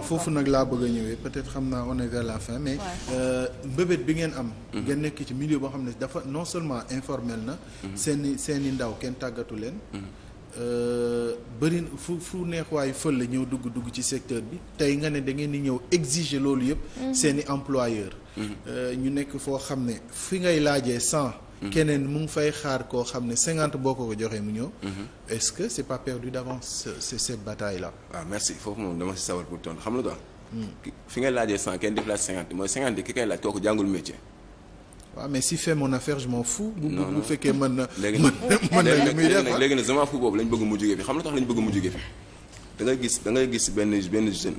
foofu nag laa bëgg a ñëwee peut-être xam naa on est vers la fin mais euh, mbébét bi ngeen am mhm. ngeen nekk ci milieu boo xam ne dafa non seulement informel na mhm. seeni seeni ndaw kenn tàggatu leen mhm. euh, bëri fu fu neexwaay fël la ñëw dugg dugg ci secteur bi tey nga ne da ngeen di ñëw exiger loolu yëpp seeni employeur euh, ñu nekk foo xam ne fi ngay laajee sans Mhm. keneen mu ngi fay xaar koo xam ne cinquante boo ko ko joxee mu ñëw. Mhm. est-ce que c'est pas perdu d'avance c'est cette bataille là. waaw ah, merci foofu moom dama si sawar pour tontu xam nga lu hmm. fi nga laajee cent kenn def laaj cinquante mooy cinquante ki kay laaj kooku jàngul métier. waaw mais si fait mon affaire je m'en bu bu fekkee mën na. léegi nag léegi nag léegi nag je m'en fous boobu lañ bëgg mu jógee fi xam nga lu tax lañ bëgg mu jógee fi da ngay gis da ngay gis benn benn jeune.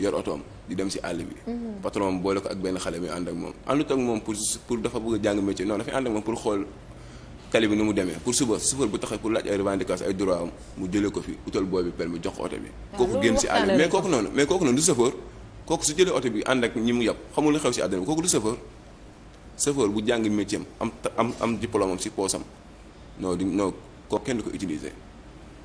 yor otoom di dem si àll bi. Mhm. patron boole ko ak benn xale bi ànd ak moom àndut ak moom pour dafa bëgg a jàng métier non dafa ànd ak moom pour xool tali bi nu mu demee pour suba suba bu taxee ko fi utal booy bi permis jox ko oto bi. kooku génn si àll bi mais kooku noonu mais kooku noonu du chauffeur kooku su jëlee oto bi ànd ak ñi mu yab xamul xew si àdduna bi kooku du chauffeur chauffeur bu jàng métier am am am diplôme am si poosam non du non kooku kenn ko utiliser.